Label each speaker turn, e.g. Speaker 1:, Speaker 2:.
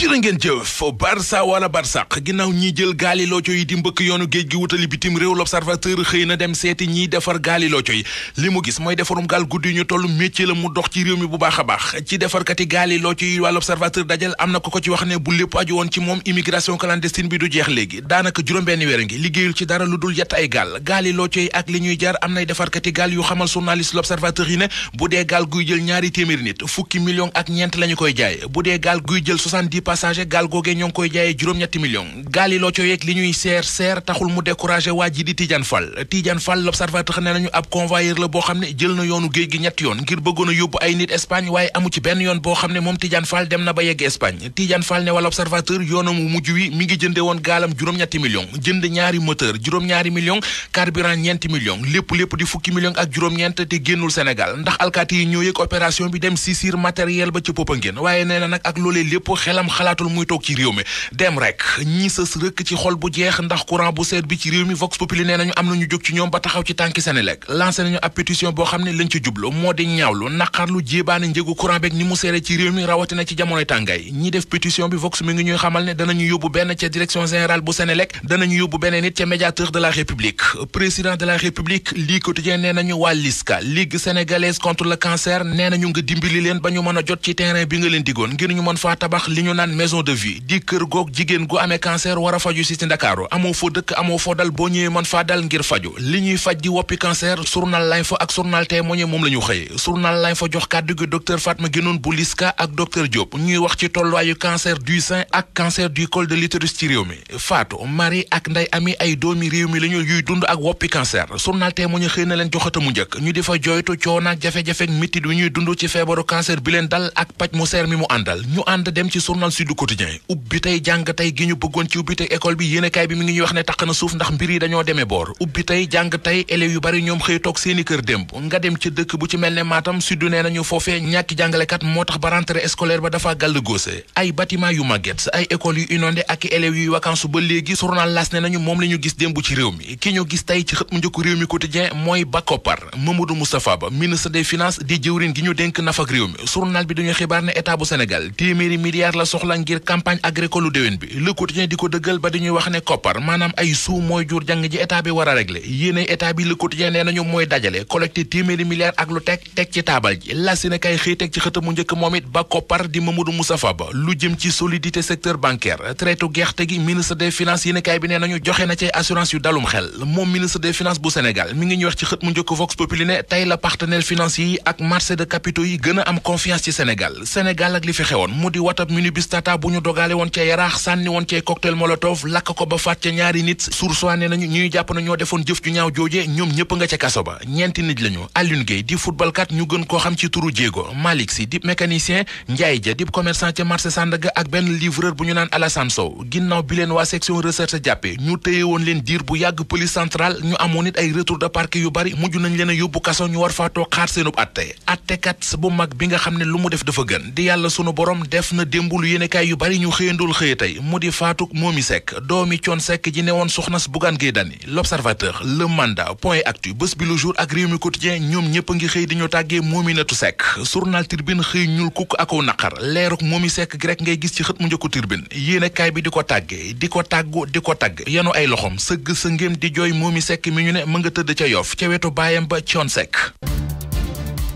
Speaker 1: jërë ngeen jëf barça wala barsaq ginnaaw ñi jël gaali looco yi di mbëkk yoonu géej gi wutali bitim réew l'observateur xëy na dem seeti ñiy defar gaali looco yi li mu gis mooy defarum gaal gudd yi ñu toll métier la mu dox ci réew mi bu baax a baax ci defarkati gaali looco yi waa l'observateur dajal am na ko ko ci wax ne bu lépp aju woon ci moom immigration clandestine bi du jeex léegi daanaka juróom-benn weer ngi liggéeyul ci dara lu dul yett ay gaal gaali looco yi ak li ñuy jaar am nay defarkati gaal yu yi ne bu dee gaal jël ñaari téeméeri nit fukki million ak ñeent lañu koy jaay bu dee gaal guy jël 70 passager gaal googee ñoo ngi koy jaayee juróom-ñetti million gaal yi loo co yeeg li ñuy seer seer taxul mu découragé waa ji di Tidiane Fall Tidiane Fall l'observateur nee nañu ab convoyeur la boo xam ne jël na yoonu géej gi ñetti yoon ngir bëggoon a yóbbu ay nit Espagne waaye amu ci benn yoon boo xam ne moom Tidiane Fall dem na ba yegg Espagne Tidiane Fall ne wala observateur yoonam wu mujj wi mi ngi jënde woon gaalam juróom-ñetti million jënd ñaari moteur juróom-ñaari million carburant lépp fukki million ak juróom-ñeent te génnul Sénégal ndax alkaati yi ñoo yëg opération bi dem si siir matériel ba ci Popenguine waaye nee na nag ak xalaatul muy toog ci réew mi dem rek ñi sës rëkk ci xol bu jeex ndax courant bu seet bi ci réew mi Vox Populi nee nañu am nañu jóg ci ñoom ba taxaw ci tànki Senelec lancé nañu ab pétition boo xam ne lañ ci jublu moo di ñaawlu naqarlu jéebaane njëgu courant beeg ni mu seere ci réew mi rawatina ci jamonoy tàngaay ñi def pétition bi Vox mi ngi ñuy xamal ne danañu yóbbu benn ca direction générale bu Senelec danañu yóbbu beneen nit ca médiateur naan maison de vie di kër goog jigéen gu amee cancer war a faju si si ndakaaru amoo foo dëkk amoo foo dal boo ñëwee man faa dal ngir faju li ñuy faj di woppi cancer journal lañ fa ak journal témoigné moom la ñu xëye journal lañ fa jox kàddu gi docteur Fatma Guenoune bu Liska ak docteur Diop ñuy wax ci tolluwaayu cancer du sein ak cancer du col de l'utérus ci réew mi Fatou Marie ak Ndey Ami ay doomi réew mi la ñu yuy dund ak woppi cancer journal témoigné xëy na leen joxata mu njëkk ñu di fa jooytu coonaak jafe-jafe ak ñuy dund ci feebaru cancer bi leen dal ak paj mu seer mi mu àndal ñu Sud Quotidien ubbi tey jàng tey gi ñu bëggoon ci ubbi tey école bi yéenekaay bi mi ngi wax ne taq na suuf ndax mbir yi dañoo demee boor ubbi tey jàng tey élèves yu bari ñoom xëy toog seeni kër démb nga dem ci dëkk bu ci mel ne Matam Sud nee nañu foofee ñàkki jàngalekat moo tax ba rentrée ba dafa gàll góose ay bâtiment yu màgget ay écoles yu inondé ak élèves yuy vacances ba léegi journal L'As ne nañu moom la gis démb ci réew mi ki ñu gis tey ci xët soxla ngir campagne agricole lu déwén bi Le Quotidien di ko dëggal ba di ñuy wax ne koppar maanaam ay suu mooy jur jàng ji état bi war a régler yéene état bi Le Quotidien nee nañu mooy dajale collecté téeméeri milliards ak lu teg teg ci taabal ji la si xëy teg ci xëtamu njëkk moom it ba koppar di Mamadou Moustapha Ba lu jëm ci solidité secteur bancaire traitu gerte gi ministre des finances yéene bi nee nañu joxe na ci assurance yu dalum xel moom mi tata bu ñu dogale woon ca yaraax sànni woon cay cocktail molotov lakk ko ba faat ca ñaari nit sur soine nañu ñuy jàpp na ñoo defoon jëf ju ñaaw jooje ñoom ñëpp nga ca kaso ba ñeenti nit lañu Alioune Gueye di footballkat ñu gën ko xam ci turu jéego Malick Sy dib mécanicien Ndiaye ja dib commerçant ca marché Sandaga ak benn livreur bu ñu naan Alassane Sow ginnaaw bi leen waa section recherche jàppe ñu téye woon leen diir bu yàgg police centrale ñu amoon it ay retour de parquet yu bari mujj nañ leen a yóbbu kaso ñu war faa toog xaar seenub bu mag bi nga xam ne lu mu def dafa gën di yàlla sunu borom def na démb lu yéenekaay yu bari ñu xëyandool xëya tey mu di faatuk Momi Seck doomi Thione Seck ji ne woon soxnas Bougane Gueye Dany L'Observateur Le Mandat Point Actu Bës Bi lu Jour ak Rewmi Quotidien ñoom ñëpp a ngi xëy di ñu tàggee Mominatou Seck journal Tribune xëy ñul kukk akaw naqar leeruk Momi Seck gi rek ngay gis ci xët mu njëkku Tribune yéenekaay bi di ko tàggee di ko tàggu di ko tàgg yenu ay loxom sëgg sa ngéem di jooy Momi sekk mi ñu ne mën nga tëdd ca Yoff ca wetu baayam ba Thione Seck